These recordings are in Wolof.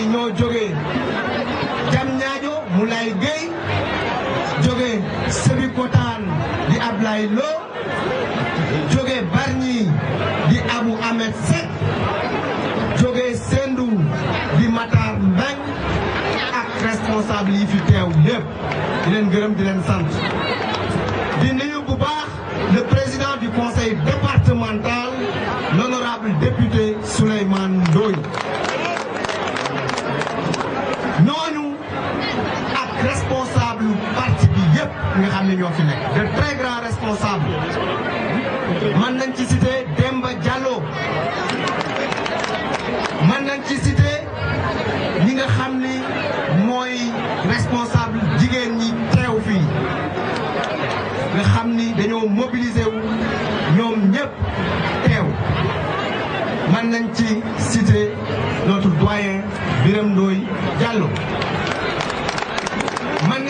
ni ñoo jógee jam ñaajo mu lay géy jóge Sébikotane di Lo Jogué Bargni di Abou Ahmed sek Jogué Sendou di Matar Mbengue ak responsable yi fi teew yépp di leen gërëm di leen sant di nuyu bu baax le président du conseil départemental l'honorable député Souleymane Ndoye nga xam ñoo fi nekk de très grands responsables mën nañ ci citer Demba Diallo mën nañ ci citer ñi nga xam ni responsable jigéen ñi teew fii nga xam ni dañoo mobiliser wu ñoom ñëpp teew mën nañ ci citer notre doyen Birame Doy Diallo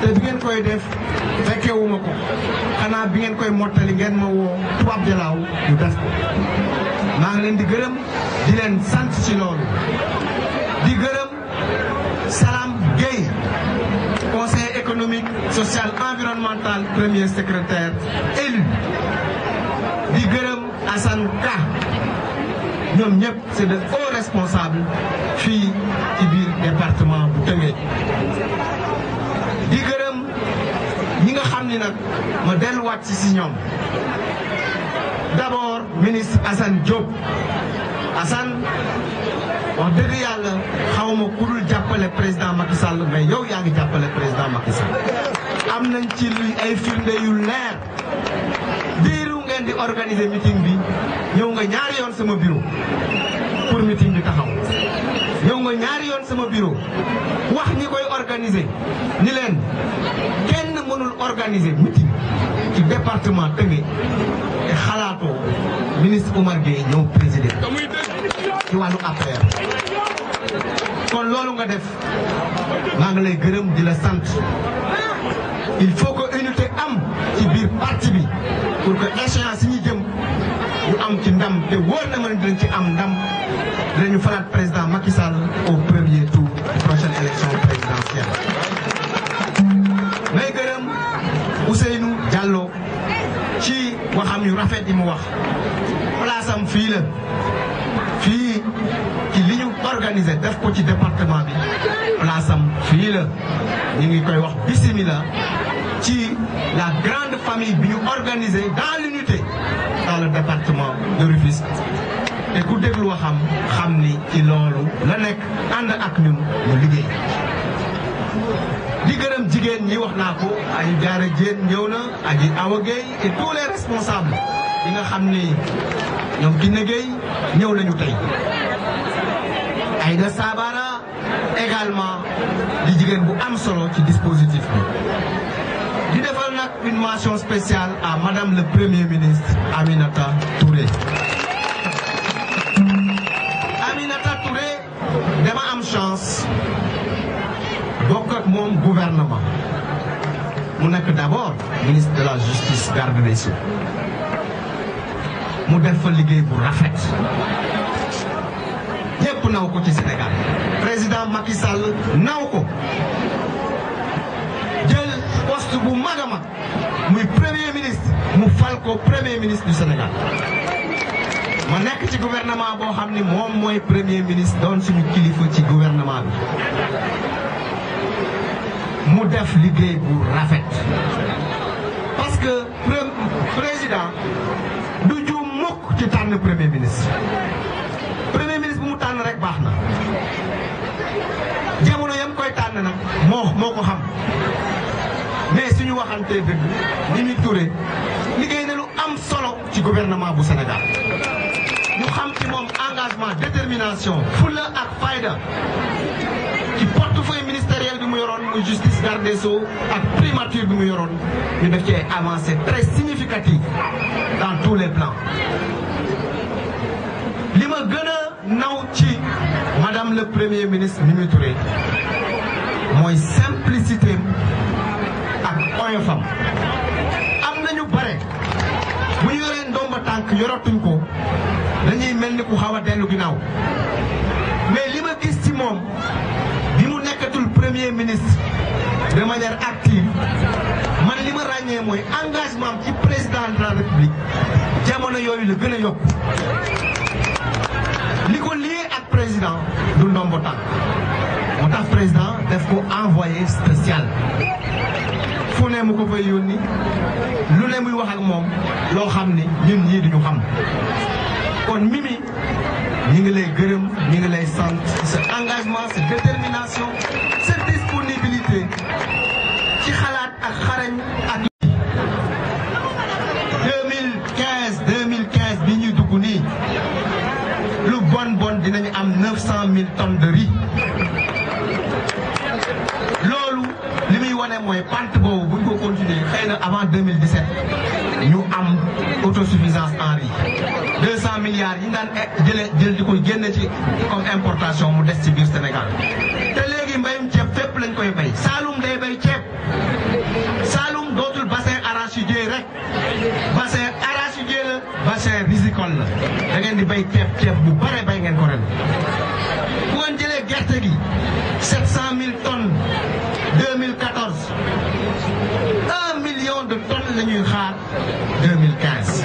te bi ngeen koy def fekke ko xanaa bi ngeen koy mottali ngeen ma woo tubaab jalaaw ñu def maa ngi leen di gërëm di leen sant ci loolu di gërëm Salam Gueye conseil économique social environnemental premier secrétaire élu di gërëm Assane Ka ñoom ñëpp c'est de hauts responsable fii ci biir bu Tëngéej xam ni nag ma delluwaat ci si ñoom d'abord Assane Diop Assane wax dëgg yàlla xaw ma ku jàppale président Macky Sall mais yow yaa ngi jàppale président Macky am na ci ay firnde yu leer diiru ngeen di organise meeting bi ñëw nga ñaari yoon sama bureau pour meeting bi taxaw ma ñaari yoon sama bureau wax ñi koy organiser ni leen kenn mënul organiser meeting ci département Tëngéej te xalaatoo ministre Oumar Gueye ñëw président ci wàllu affaire kon loolu nga def maa ngi lay gërëm di la sant il faut que unité am ci biir parti bi pour que échéance yi ñu jëm ñu am ci ndam te wóor na ma ne dinañ am ndam dinañu falaat président Macky Sall au premier tour prochaine élection présidentielle. may gërëm Ousseynou Diallo ci waxam qui rafet yi mu wax place am fii la fii ci li ñu organisé def ko ci département bi place am fii la ñu ngi koy wax bismillah ci la grande famille bi ñu dans l'unité dans le département de Rufisque. te ku déglu xam xam ni ci loolu la nekk ànd ak ñun mu liggéey di gërëm jigéen ñi wax naa ko ay jaara jéen ñëw na aji Awa Gueye et tous les responsables yi nga xam ni ñoom Kiné Gueye ñëw nañu tey Aïda Sabara également di jigéen bu am solo ci dispositif bi di defal nag une mention à madame le premier ministre Aminata Touré chance bokk mon gouvernement gouvernement mu que d'abord ministre de la justice garde des Sceaux mu def fa liggéey bu pour nous n'a ko ci Sénégal président Macky Sall naw ko poste bu magama, a premier ministre nous fal le premier ministre du Sénégal ma nekk ci gouvernement boo xam ni moom mooy premier ministre doon suñu kilifa ci gouvernement bi mu def liggéey bu rafet parce que président du juum mukk ci tànn premier ministre premier ministre bu mu tànn rek baax na jamono yam koy tànn na moo moo ko xam mais suñu waxantee dëgg Mimi Touré liggéey na lu am solo ci gouvernement bu Sénégal engagement détermination fulla ak fayda porte portefeuille ministériel bi mu de justice garde des sceaux ak primature de mu une qui est ci très significatif dans tous les plans li ma madame le premier ministre Mimi Touré simplicité ak oyofam am nañu bare bu ñu yoree ndomba tànk ko Nenye men ne kou hawa den lo gina ou. Men li me kisti moun, di moun ne ketou l premiye minist, de manyer aktif, man li me ranyen mwen, angazman ki prezident la republik, di amon yo yoy le gine yop. Li kon li e ek prezident, doun nan votan. On ta prezident, tef kon envoye spesyal. Founen mou kope youn ni, lounen mou yohag moun, loun ham ni, youn nye di yon ham. kon Mimi ñi ngi lay gërëm ñi lay engagement sa détermination cette disponibilité ci xalaat ak xarañ ak 2015 2015 bi ñu dugg ni lu bon bon dinañu am 000 tonnes de riz loolu li muy wane mooy pante boobu buñ ko continuer avant 2017 ñu am autosuffisance en riz milliards yi daan e-, jëlee jël di ko génne ci comme importation mu des ci biir Sénégal te léegi mbayum ceeb fépp lañ koy bay Saloum day bay ceeb Saloum dootul bassin arachidier rek bassin arachidier la bassin rizicole la da di bay ceeb ceeb bu bare bay ngeen ko ren bu ngeen jëlee gerte gi 700000 tonnes 2014 1 million de tonnes la ñuy xaar 2015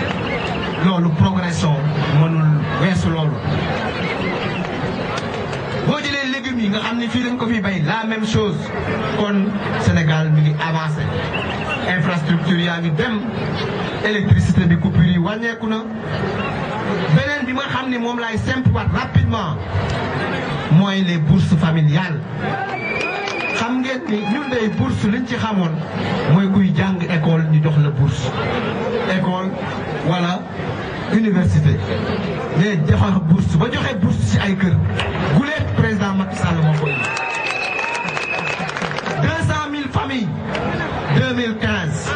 loolu les légumes la même chose kon Sénégal mi avancé infrastructure dem électricité bi coupure na bi ma rapidement les bourses familiales xam ngeen ni ñun day école ñu jox la bourse école voilà, université les défenses bourses, bon vous bourses si aïe goulet président Macky Sall 200 000 familles 2015,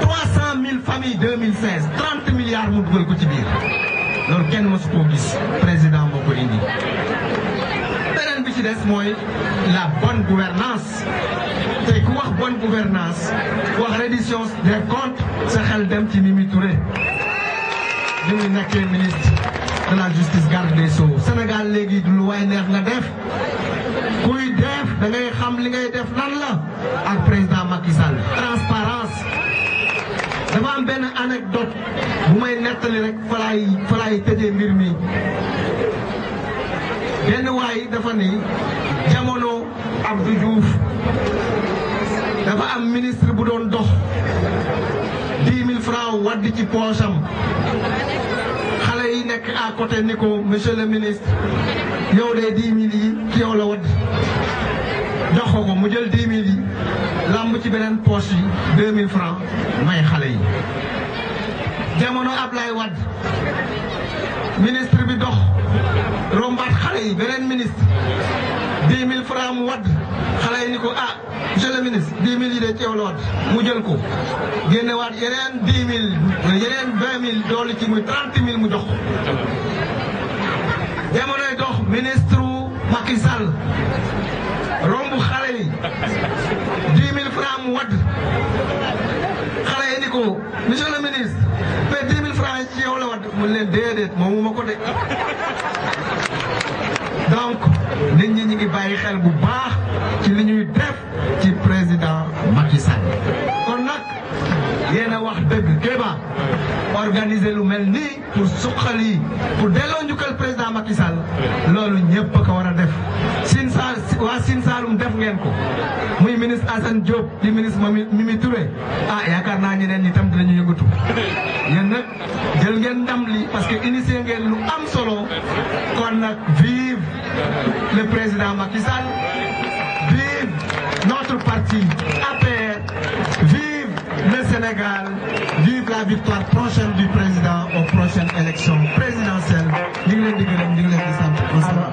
300 000 familles 2016, 30 milliards de le de tu veux. Alors qu'est-ce président mon la bonne gouvernance. C'est quoi la bonne gouvernance? la reddition des comptes? C'est que dem qui fait. bi ñu nekkee ministre de la léegi du waay neex nga def kuy xam li ngay def lan président Macky Sall transparence dafa am benn anecdote bu may nettali rek falaay falaay tëje mbir mi benn waay dafa ni jamono Abdou Diouf dafa am ministre bu doon dox dix mille francs wadd ci poosam nekk à côté ni ko monsieur le ministre yow de 10 000 yi la wadd jox ko mu jël 10 000 yi lamb ci beneen poche yi 2000 francs may xale yi. jamono Ablaye Wade ministre bi dox rombaat xale yi beneen ministre 10 000 francs mu wadd xale yi ni ko ah, monsieur le ministre 10 000 yi de teewloon mu jël ko génnewaat yeneen 10 000 yeneen 20 000 doolu ci muy 30 000 mu jox ko jamonoy dox ministre Macky Sall organiser lu mel nii pour suqali pour delloo njukkal président Macky Sall loolu ñëpp ko war a def Sine Sal waa Sine Saalum def ngeen ko muy ministre Assane Diop di ministre Mimi Touré ah yaakaar naa ñeneen ñi tam dinañu yëngatu yéen nag jël ngeen ndam li parce que initié ngeen lu am solo kon nag vive le président Macky Sall vive notre parti APR vive le Sénégal la victoire prochaine du président aux prochaines élections présidentielles ñu ngi leen di gërëm ñu ngi leen di sant